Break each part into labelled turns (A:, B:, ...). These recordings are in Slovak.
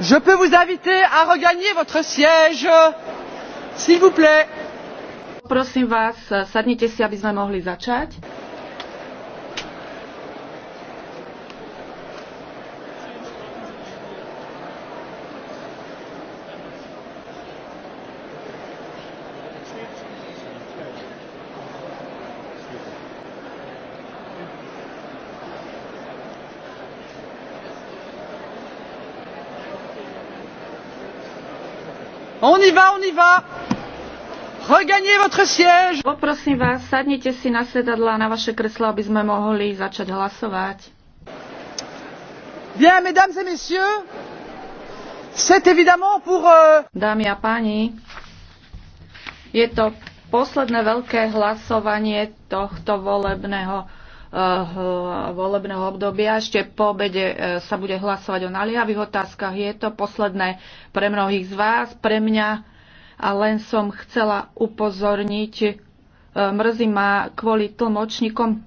A: je peux vous inviter à
B: regagner votre siège s'il vous plaît.
A: Prosím vás, sadnite si, aby sme mohli začať. On y va, on y va. Regagnez votre siège. Poprosím vás, sadnite si na sedadla na vaše kreslo, aby sme mohli začať hlasovať.
B: Bien, mesdames et messieurs, c'est évidemment
A: pour... Euh... Dámy a páni, je to posledné veľké hlasovanie tohto volebného Eh, volebného obdobia. Ešte po obede eh, sa bude hlasovať o naliavých otázkach. Je to posledné pre mnohých z vás, pre mňa. A len som chcela upozorniť, eh, mrzí ma kvôli tlmočníkom,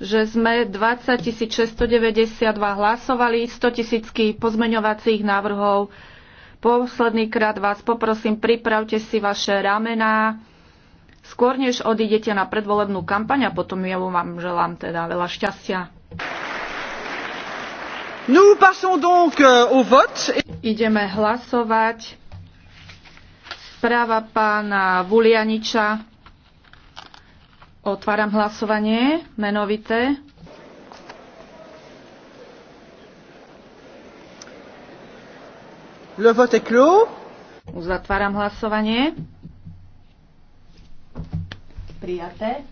A: že sme 20 692 hlasovali, 100 tisícky pozmeňovacích návrhov Posledný krát vás poprosím, pripravte si vaše ramená, skôr než odídete na predvolebnú kampaň a potom ja vám želám teda veľa šťastia.
B: Nous passons donc euh, au vote.
A: Ideme hlasovať. Správa pána Vulianiča. Otváram hlasovanie menovité.
B: Le vote est clos.
A: Uzatváram hlasovanie. Prijaté.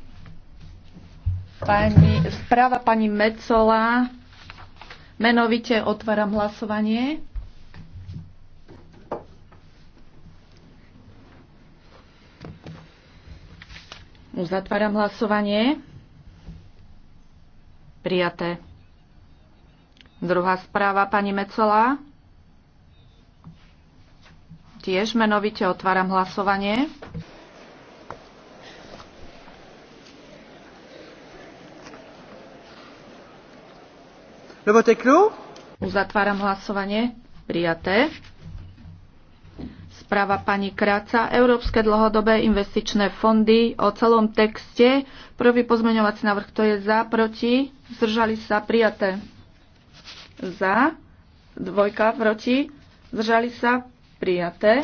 A: Pani, správa pani Mecola. Menovite otváram hlasovanie. Uzatváram hlasovanie. Prijaté. Druhá správa pani Mecola. Tiež menovite otváram hlasovanie. Uzatváram hlasovanie. Prijaté. Správa pani Kráca. Európske dlhodobé investičné fondy o celom texte. Prvý pozmeňovací návrh, kto je za, proti. Zdržali sa. Prijaté. Za. Dvojka proti. Zdržali sa prijaté.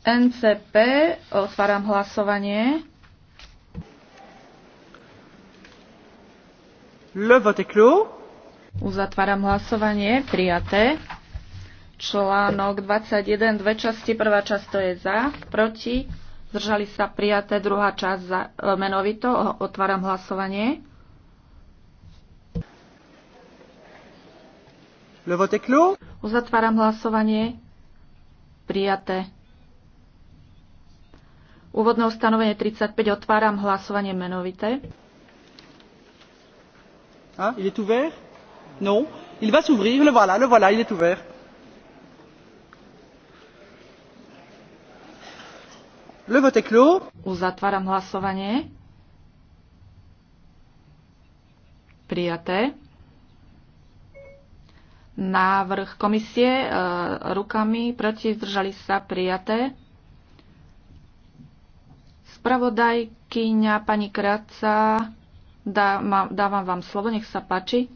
A: NCP, otváram hlasovanie.
B: Le vote clos.
A: Uzatváram hlasovanie, prijaté. Článok 21, dve časti, prvá časť to je za, proti, zdržali sa prijaté, druhá časť za, e, menovito, otváram hlasovanie.
B: Le vote est clos.
A: Uzatváram hlasovanie. Prijaté. Úvodné ustanovenie 35. Otváram hlasovanie menovité.
B: Ah, il est ouvert Non. Il va s'ouvrir. Le voilà, le voilà, il est ouvert. Le vote est clos.
A: Uzatváram hlasovanie. Prijaté návrh komisie e, rukami, proti, zdržali sa, prijaté. Spravodajkyňa pani Kráca, dávam, dávam vám slovo, nech sa páči.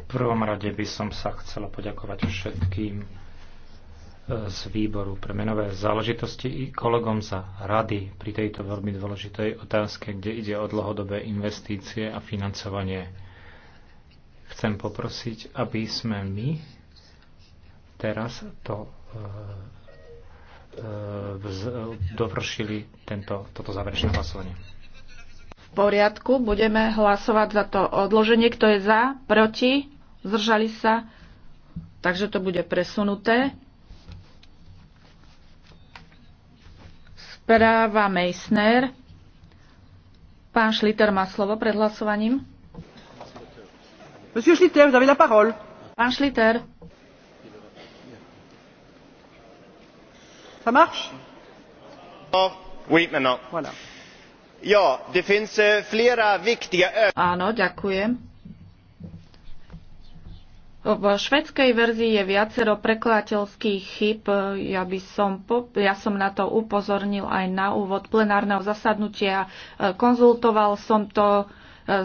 B: V prvom rade by som sa chcela poďakovať všetkým z výboru pre menové záležitosti i kolegom za rady pri tejto veľmi dôležitej otázke, kde ide o dlhodobé investície a financovanie. Chcem poprosiť, aby sme my teraz to e, e, dovršili tento, toto záverečné hlasovanie.
A: V poriadku, budeme hlasovať za to odloženie, kto je za, proti, zdržali sa, takže to bude presunuté. Správa Meissner. Pán Schlitter má slovo pred hlasovaním.
B: Monsieur Schlitter, vous avez la parole.
A: Pán Schlitter. Ça marche? Oh, oui, maintenant. Voilà. Ja, det finns eh, flera viktiga... Áno, ďakujem v švedskej verzii je viacero prekladateľských chyb. Ja, by som, ja som na to upozornil aj na úvod plenárneho zasadnutia. Konzultoval som to e,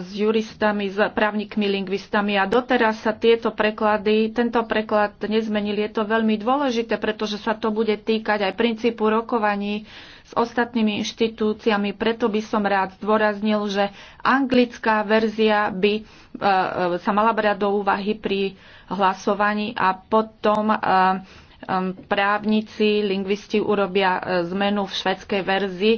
A: s juristami, s právnikmi, lingvistami a doteraz sa tieto preklady, tento preklad nezmenil. Je to veľmi dôležité, pretože sa to bude týkať aj princípu rokovaní s ostatnými inštitúciami. Preto by som rád zdôraznil, že anglická verzia by e, e, sa mala brať do úvahy pri hlasovaní a potom e, právnici, lingvisti urobia zmenu v švedskej verzii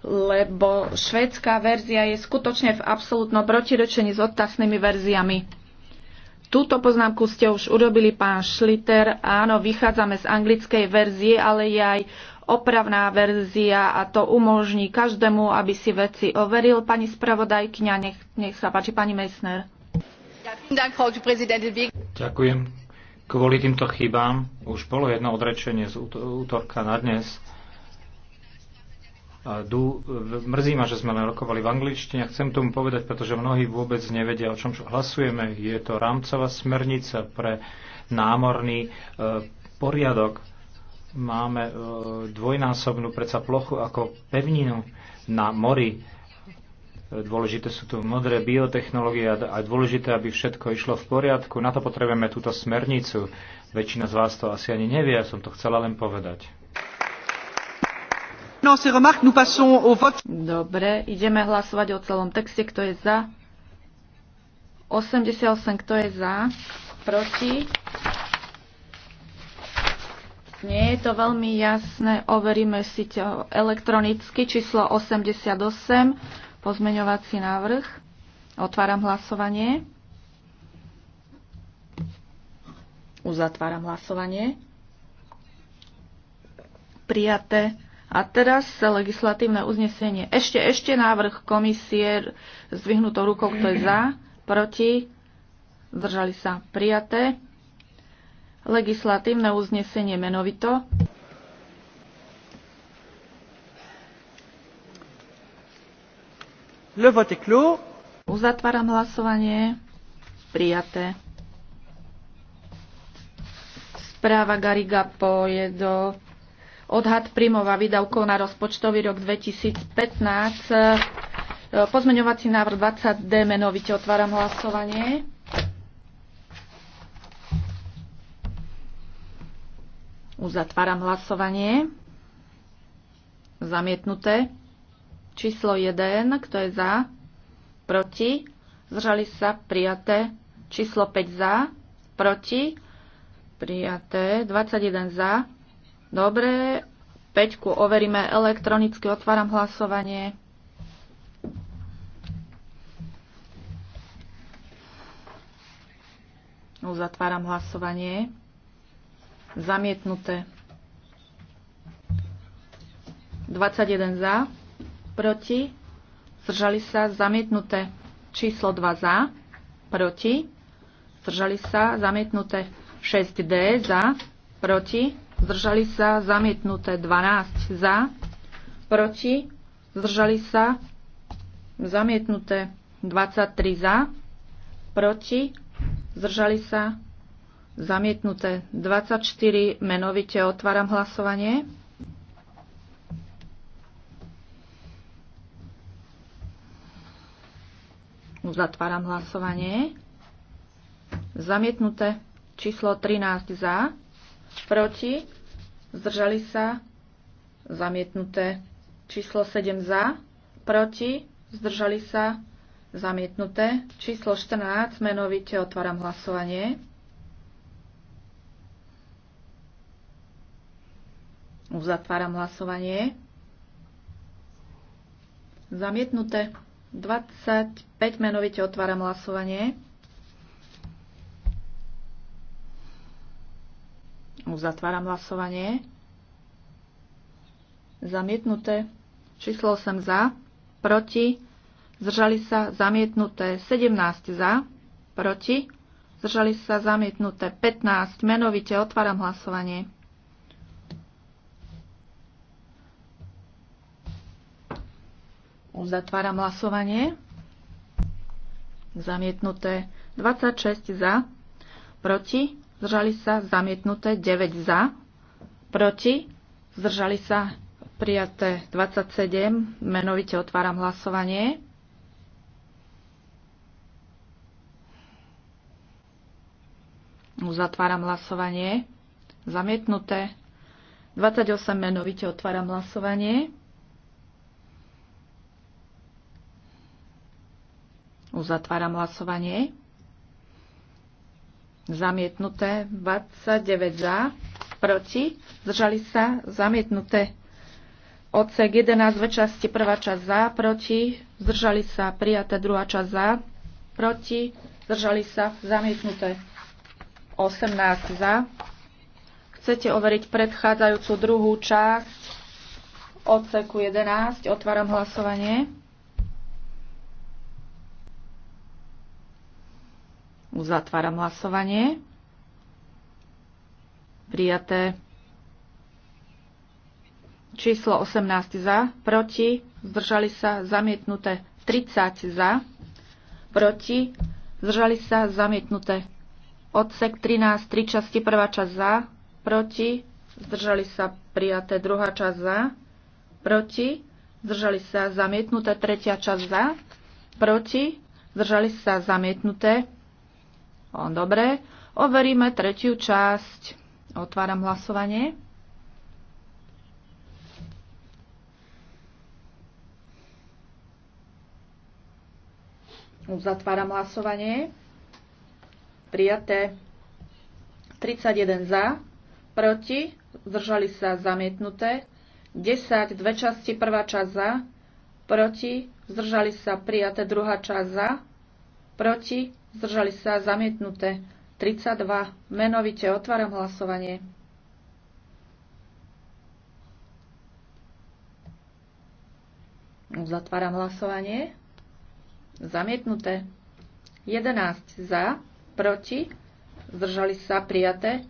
A: lebo švédska verzia je skutočne v absolútnom protirečení s odtasnými verziami. Túto poznámku ste už urobili, pán Schlitter. Áno, vychádzame z anglickej verzie, ale je aj opravná verzia a to umožní každému, aby si veci overil. Pani spravodajkňa, nech, nech sa páči, pani Meissner.
B: Ďakujem. Kvôli týmto chybám už bolo jedno odrečenie z útorka na dnes. mrzí ma, že sme len rokovali v angličtine. Chcem tomu povedať, pretože mnohí vôbec nevedia, o čom hlasujeme. Je to rámcová smernica pre námorný e, poriadok Máme e, dvojnásobnú predsa plochu ako pevninu na mori. E, dôležité sú tu modré biotechnológie a dôležité, aby všetko išlo v poriadku. Na to potrebujeme túto smernicu. Väčšina z vás to asi ani nevie, ja som to chcela len povedať.
A: Dobre, ideme hlasovať o celom texte. Kto je za? 88, kto je za? Proti? Nie je to veľmi jasné. Overíme si to elektronicky. Číslo 88, pozmeňovací návrh. Otváram hlasovanie. Uzatváram hlasovanie. Prijaté. A teraz legislatívne uznesenie. Ešte, ešte návrh komisie zvyhnutou rukou, kto je za, proti, zdržali sa prijaté legislatívne uznesenie menovito.
B: Le vote est clos.
A: Uzatváram hlasovanie. Prijaté. Správa Gariga je do odhad príjmov a výdavkov na rozpočtový rok 2015. Pozmeňovací návrh 20D menovite otváram hlasovanie. Uzatváram hlasovanie. Zamietnuté. Číslo 1, kto je za? Proti. Zdržali sa prijaté. Číslo 5 za. Proti. Prijaté. 21 za. Dobre. Peťku overíme elektronicky. Otváram hlasovanie. Uzatváram hlasovanie. Zamietnuté. 21 za, proti, zdržali sa, zamietnuté. Číslo 2 za, proti, zdržali sa, zamietnuté. 6D za, proti, zdržali sa, zamietnuté. 12 za, proti, zdržali sa, zamietnuté. 23 za, proti, zdržali sa, Zamietnuté 24. Menovite otváram hlasovanie. Uzatváram hlasovanie. Zamietnuté číslo 13 za, proti, zdržali sa, zamietnuté číslo 7 za, proti, zdržali sa, zamietnuté číslo 14, menovite otváram hlasovanie. Uzatváram hlasovanie. Zamietnuté. 25 menovite otváram hlasovanie. Uzatváram hlasovanie. Zamietnuté. Číslo 8 za. Proti. Zdržali sa zamietnuté 17 za. Proti. Zdržali sa zamietnuté 15. Menovite otváram hlasovanie. Uzatváram hlasovanie. Zamietnuté 26 za, proti, zdržali sa, zamietnuté 9 za, proti, zdržali sa, prijaté 27, menovite otváram hlasovanie. Uzatváram hlasovanie. Zamietnuté. 28 menovite otváram hlasovanie. Uzatváram hlasovanie. Zamietnuté 29 za, proti, zdržali sa, zamietnuté. Odsek 11, dve časti, prvá časť za, proti, zdržali sa, prijaté, druhá časť za, proti, zdržali sa, zamietnuté. 18 za. Chcete overiť predchádzajúcu druhú časť odseku 11. Otváram hlasovanie. Uzatváram hlasovanie. Prijaté. Číslo 18 za, proti, zdržali sa, zamietnuté 30 za, proti, zdržali sa, zamietnuté. Odsek 13, 3 časti, prvá časť za, proti, zdržali sa, prijaté druhá časť za, proti, zdržali sa, zamietnuté tretia časť za, proti, zdržali sa, zamietnuté Dobre, overíme tretiu časť. Otváram hlasovanie. Uzatváram hlasovanie. Prijaté. 31 za, proti, zdržali sa zamietnuté. 10, dve časti, prvá časť za, proti, zdržali sa prijaté, druhá časť za, proti, zdržali sa zamietnuté 32. Menovite otváram hlasovanie. Zatváram hlasovanie. Zamietnuté. 11 za, proti, zdržali sa prijaté.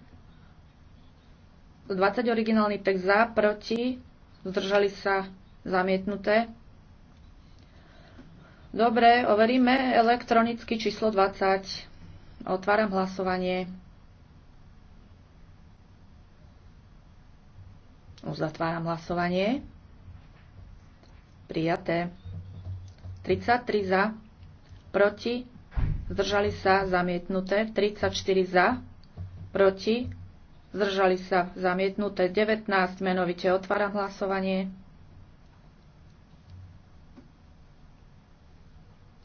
A: 20 originálny text za, proti, zdržali sa zamietnuté. Dobre, overíme elektronicky číslo 20. Otváram hlasovanie. Uzatváram hlasovanie. Prijaté. 33 za, proti, zdržali sa, zamietnuté. 34 za, proti, zdržali sa, zamietnuté. 19 menovite otváram hlasovanie.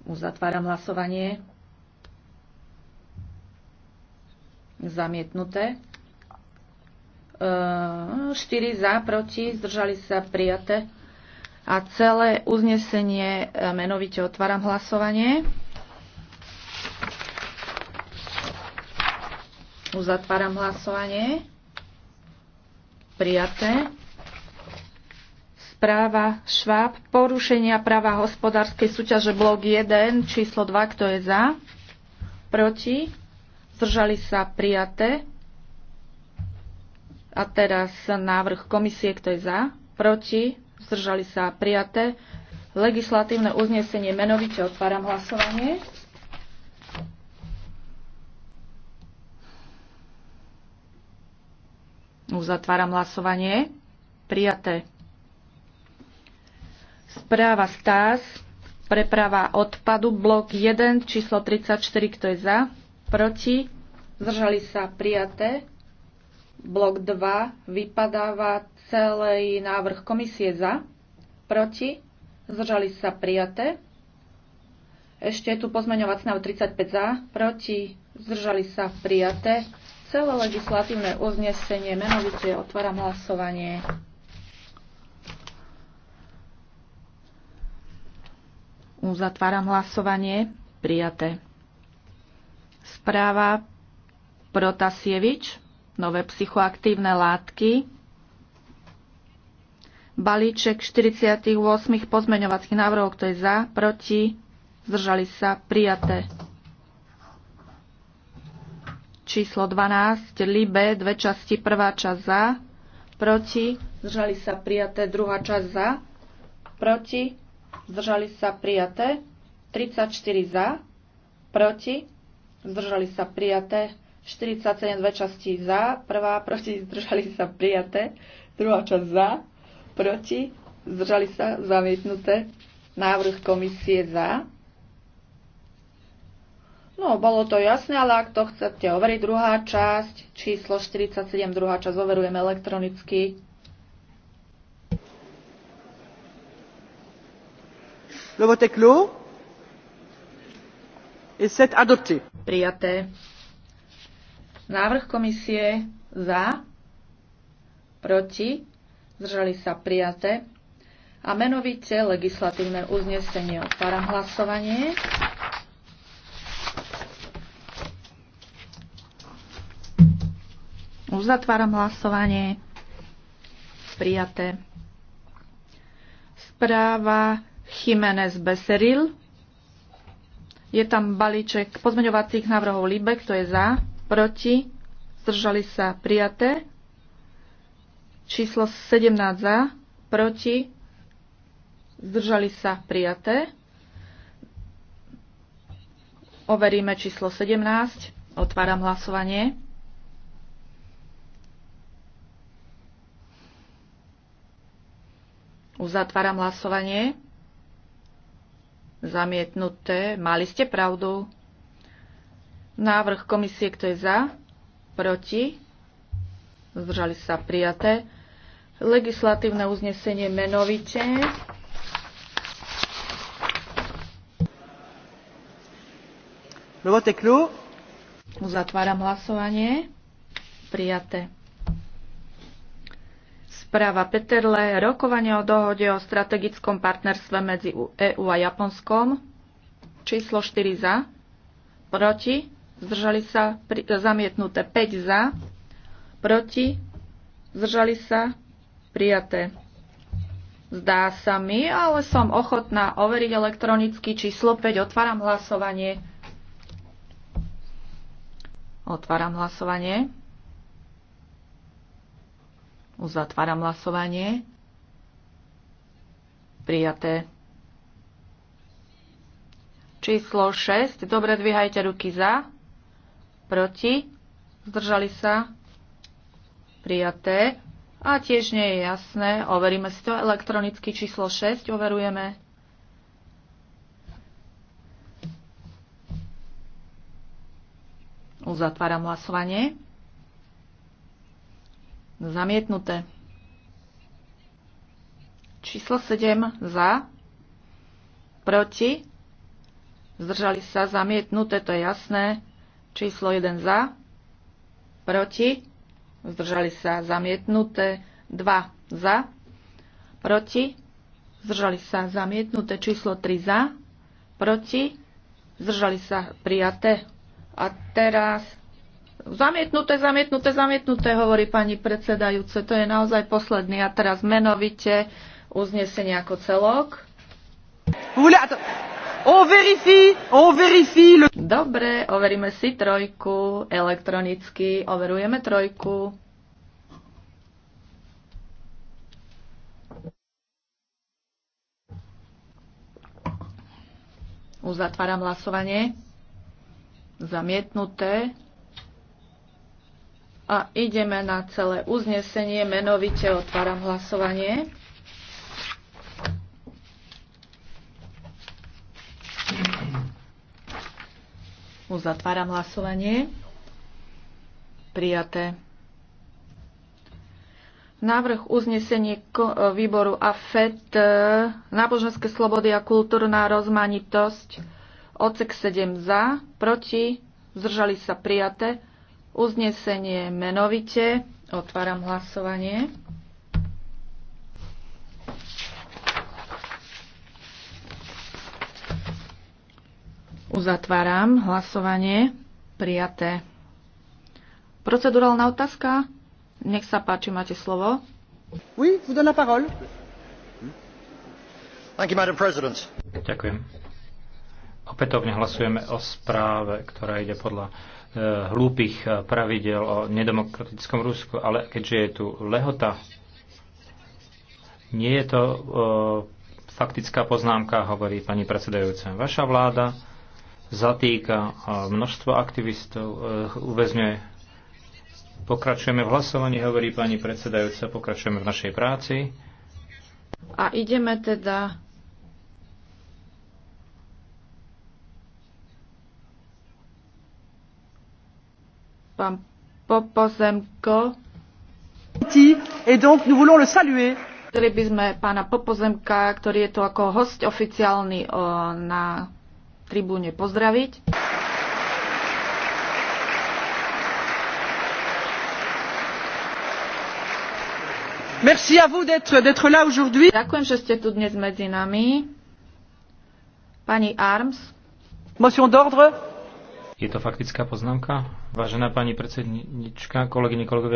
A: Uzatváram hlasovanie. Zamietnuté. 4 e, za, proti, zdržali sa prijaté. A celé uznesenie e, menovite otváram hlasovanie. Uzatváram hlasovanie. Prijaté. Správa Šváb. Porušenia práva hospodárskej súťaže blok 1, číslo 2. Kto je za? Proti? Zdržali sa prijaté. A teraz návrh komisie. Kto je za? Proti? Zdržali sa prijaté. Legislatívne uznesenie menovite. Otváram hlasovanie. Uzatváram hlasovanie. Prijaté. Správa STAS, preprava odpadu, blok 1, číslo 34, kto je za, proti, zdržali sa prijaté. Blok 2 vypadáva celý návrh komisie za, proti, zdržali sa prijaté. Ešte je tu pozmeňovací návrh 35 za, proti, zdržali sa prijaté. Celé legislatívne uznesenie, menovite otváram hlasovanie. Uzatváram hlasovanie. Prijaté. Správa Protasievič. Nové psychoaktívne látky. Balíček 48 pozmeňovacích návrhov, kto je za, proti, zdržali sa, prijaté. Číslo 12, Libe, dve časti, prvá časť za, proti, zdržali sa, prijaté, druhá časť za, proti, zdržali sa prijaté, 34 za, proti, zdržali sa prijaté, 47 dve časti za, prvá proti, zdržali sa prijaté, druhá časť za, proti, zdržali sa zamietnuté, návrh komisie za. No, bolo to jasné, ale ak to chcete overiť, druhá časť, číslo 47, druhá časť, overujeme elektronicky.
B: Le vote est clos.
A: Et c'est adopté. Prijaté. Návrh komisie za, proti, zdržali sa prijaté a menovite legislatívne uznesenie. Otváram hlasovanie. Uzatváram hlasovanie. Prijaté. Správa Jiménez Beseril. Je tam balíček pozmeňovacích návrhov Libe, kto je za, proti, zdržali sa prijaté. Číslo 17 za, proti, zdržali sa prijaté. Overíme číslo 17. Otváram hlasovanie. Uzatváram hlasovanie. Zamietnuté. Mali ste pravdu. Návrh komisie, kto je za? Proti? Zdržali sa prijaté. Legislatívne uznesenie menovite. Uzatváram hlasovanie. Prijaté. Správa Peterle, rokovanie o dohode o strategickom partnerstve medzi EÚ a Japonskom. Číslo 4 za. Proti. Zdržali sa. Pri, zamietnuté 5 za. Proti. Zdržali sa. Prijaté. Zdá sa mi, ale som ochotná overiť elektronicky číslo 5. Otváram hlasovanie. Otváram hlasovanie. Uzatváram hlasovanie. Prijaté. Číslo 6. Dobre, dvíhajte ruky za. Proti. Zdržali sa. Prijaté. A tiež nie je jasné. Overíme si to elektronicky. Číslo 6 overujeme. Uzatváram hlasovanie. Zamietnuté. Číslo 7 za. Proti. Zdržali sa zamietnuté, to je jasné. Číslo 1 za. Proti. Zdržali sa zamietnuté. 2 za. Proti. Zdržali sa zamietnuté. Číslo 3 za. Proti. Zdržali sa prijaté. A teraz Zamietnuté, zamietnuté, zamietnuté, hovorí pani predsedajúce. To je naozaj posledný a teraz menovite uznesenie ako celok. Dobre, overíme si trojku elektronicky. Overujeme trojku. Uzatváram hlasovanie. Zamietnuté a ideme na celé uznesenie. Menovite otváram hlasovanie. Uzatváram hlasovanie. Prijaté. Návrh uznesenie výboru AFET e, náboženské slobody a kultúrna rozmanitosť odsek 7 za, proti, zdržali sa prijaté. Uznesenie menovite. Otváram hlasovanie. Uzatváram hlasovanie. Prijaté. Procedurálna otázka? Nech sa páči, máte slovo. Oui, vous donne la parole.
B: Thank you, Madam President. Ďakujem. Opätovne hlasujeme o správe, ktorá ide podľa Eh, hlúpych eh, pravidel o nedemokratickom Rusku, ale keďže je tu lehota, nie je to o, eh, faktická poznámka, hovorí pani predsedajúca. Vaša vláda zatýka množstvo aktivistov, uväzňuje. Pokračujeme v hlasovaní, hovorí pani predsedajúca, pokračujeme v našej práci.
A: A ideme teda pán Popozemko. Et donc nous voulons le saluer. Chceli by sme pána Popozemka, ktorý je tu ako host oficiálny na tribúne pozdraviť. Merci à vous d'être là aujourd'hui. Ďakujem, že ste tu dnes medzi nami. Pani Arms. Motion d'ordre.
B: Je to faktická poznámka? Vážená pani predsednička, kolegyne, kolegovia,